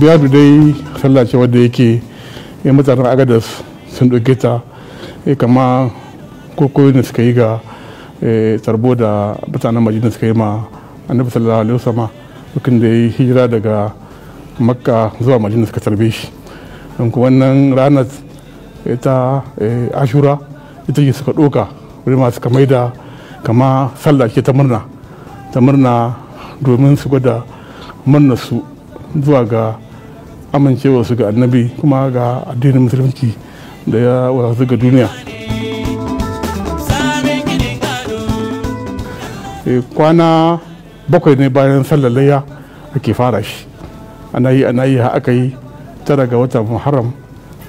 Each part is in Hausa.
albiyadu dai sallah ce wadda yake ya eh, mutanen agadas sun ɗauke ta eh, kama kokoyin da suka yi ga eh, tarbo da mutanen da suka yi ma annabi sallallahu alaihi wasallama dukkan da ya yi hijira daga makka zuwa da suka tarbe shi don wannan ranar ta ashura ita ce suka ɗoka rima suka maida kama sallah ce ta murna ta murna domin su gwada murna su zuwa ga amincewa su ga annabi kuma ga addinin musulunci da ya wasu ga duniya eh, kwana bakwai ne bayan sallar layya ake fara shi ana yi ana yi ha aka yi tara ga watan muharram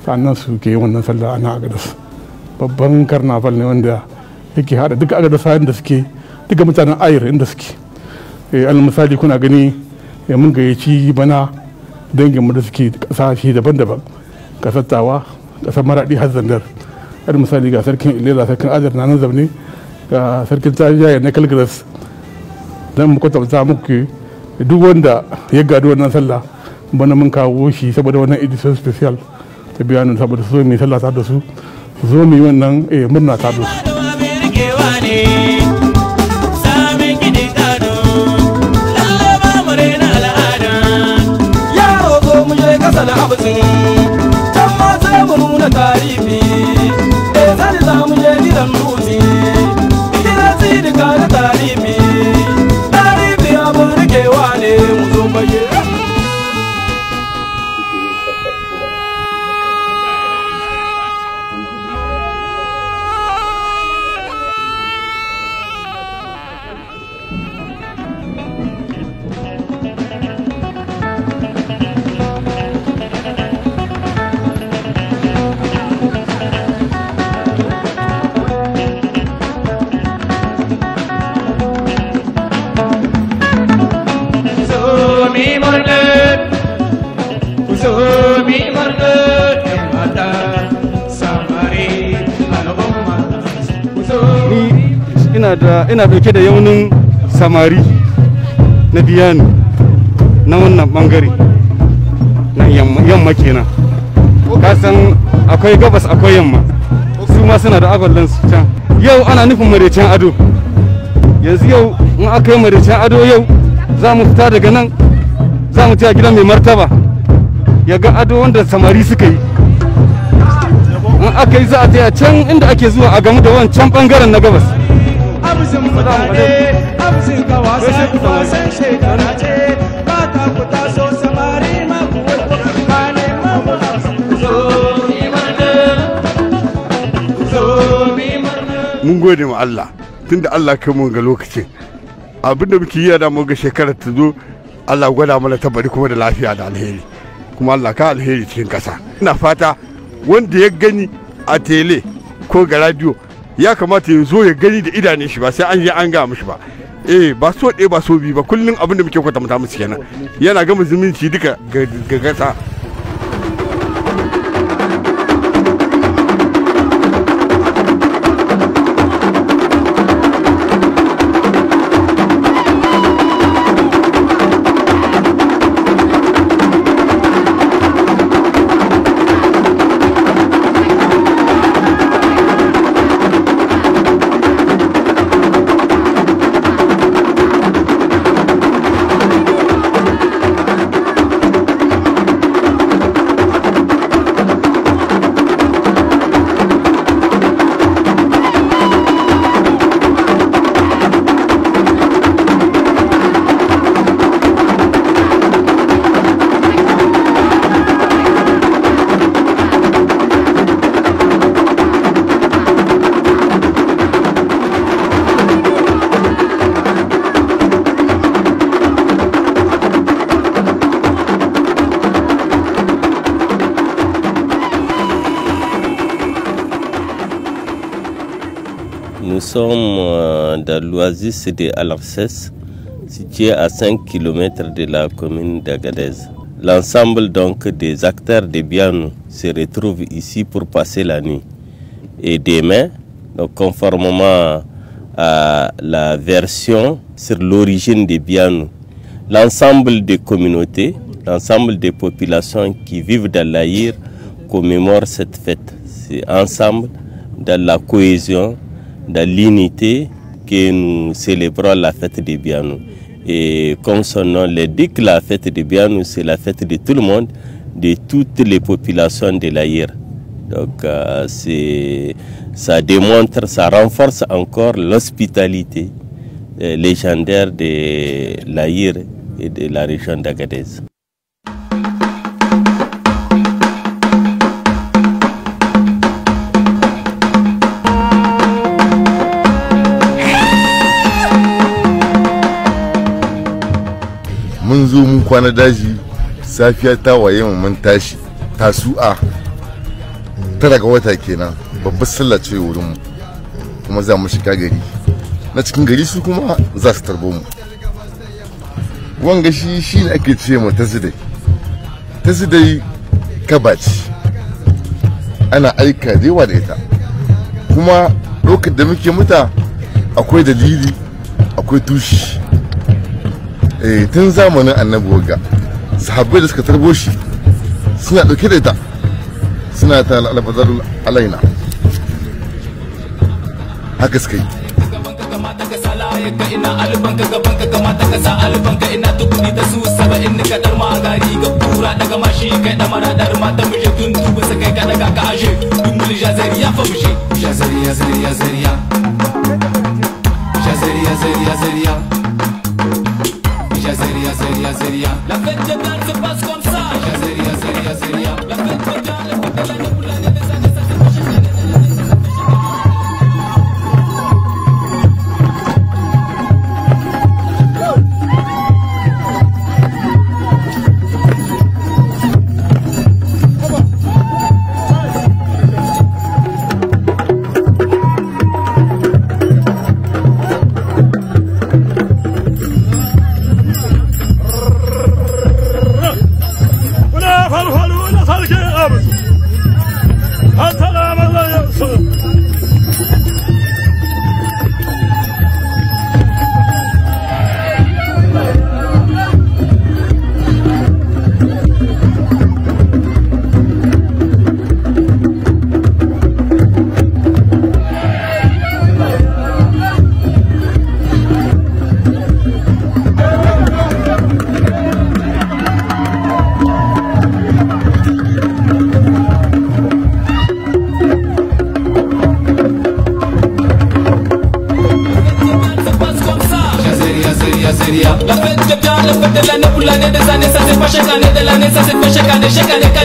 sannan su ke wannan sallar ana agadas babban karnaval ne wanda yake hada duka agadasa da suke duka mutanen ayir inda suke eh, al misali kuna gani eh, mun gayyaci bana dangin da suke kasashe daban-daban kasar tawa kasar maraɗi har zandar har misali ga sarkin ilera sarkin adar na nan zaune ga sarkin tajiya na kalgras don mu kwatanta muku duk wanda ya gado wannan sallah bana mun kawo shi saboda wannan edition special ta biya nan saboda su zo mai sallah ta da su zo mai wannan eh, murna ta da su ina da ina dauke da yaunin samari na biyani na wannan bangare na yamma kenan kasan akwai gabas akwai yamma su ma suna da agwallon su can yau ana nufin maraicin ado yanzu yau in aka yi maraicin ado yau za mu fita daga nan za mu a gidan mai martaba ya ga ado wanda samari suka yi in aka yi za a taya can inda ake zuwa a gamu da wancan bangaren na gabas amsin mutane amsin ka ma ka mun Allah tunda Allah kai mun ga lokacin abinda muke yi da mu ga shekarar ta zo Allah gwada mana tabbari kuma da lafiya da alheri kuma Allah ka alheri cikin kasa ina fata wanda ya gani a tele ko ga radio ya kamata ya zo ya gani da idanun shi ba sai an yi an ga mishi ba eh ba so ɗaya ba so biyu ba kullum abin da muke kwatanta musu kenan yana gama zumunci duka ga gasa sommes euh, dans l'oasis de Alarces, situé à 5 km de la commune d'Agadez. L'ensemble donc des acteurs de Bianou se retrouve ici pour passer la nuit. Et demain, donc conformément à la version sur l'origine de Bianou, l'ensemble des communautés, l'ensemble des populations qui vivent dans l'Aïr commémore cette fête. C'est ensemble, dans la cohésion, dans l'unité que nous célébrons la fête de Bianou. Et comme son nom l'indique, la fête de Bianou, c'est la fête de tout le monde, de toutes les populations de l'Aïr. Donc euh, c'est ça démontre, ça renforce encore l'hospitalité euh, légendaire de l'Aïr et de la région d'Agadez. mun zo mun kwana daji safiya ta waye mu mun tashi tasu'a Ta daga wata kenan babbar sallah ce wurin mu kuma za mu shiga gari na cikin gari su kuma za su tarbo mu wanga shi shi ne ake ce mu ta zidai ta zidai kabaci ana aika da yawa da ita kuma lokacin da muke muta akwai dalili akwai tushi Eh, tun zamanin annabi wagga sahabbai da suka tarbo shi suna dauke da ita suna ta alaina haka suka yi Yeah, yeah, yeah, Jazeria, Jazeria, Jazeria. La fête des blancs se passe comme ça. Jazeria, Jazeria, Jazeria.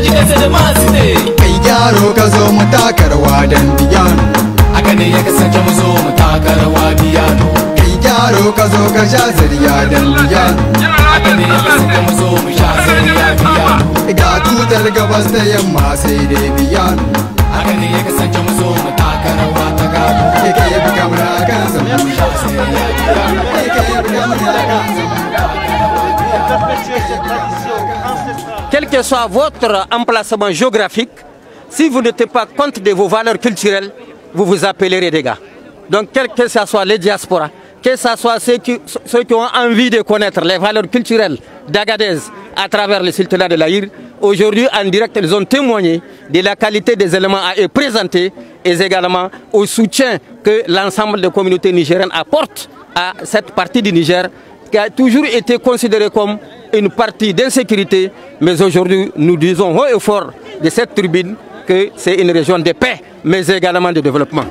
gidansa da masu ne kai gyaro ka zo mu takarwa dan biyano haka ne ya kasance mu zo mu takarwa biyano kai gyaro ka zo ka sha zariya dan biyano haka ne ya kasance mu zo mu sha zariya biyano ga tutar gabas da yamma sai dai biyano haka ne ya kasance que soit votre emplacement géographique, si vous n'êtes pas compte de vos valeurs culturelles, vous vous appellerez des gars. Donc, quel que ce soit les diasporas, que ce soit ceux qui, ont envie de connaître les valeurs culturelles d'Agadez à travers le sultanat de l'Aïr, aujourd'hui en direct, ils ont témoigné de la qualité des éléments à eux présentés et également au soutien que l'ensemble des communautés nigériennes apportent à cette partie du Niger qui a toujours été considéré comme une partie d'insécurité, mais aujourd'hui nous disons haut et fort de cette tribune que c'est une région de paix, mais également de développement.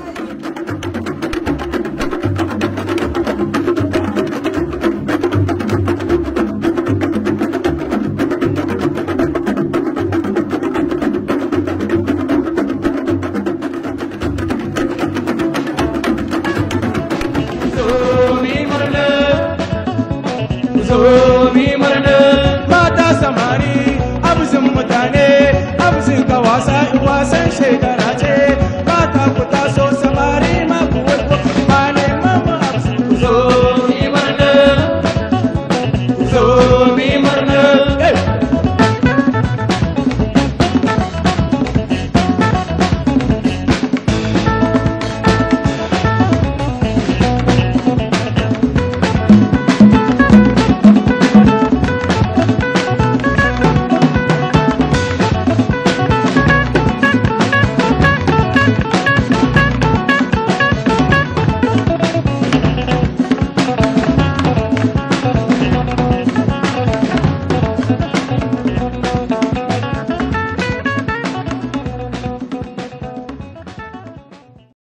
be Manal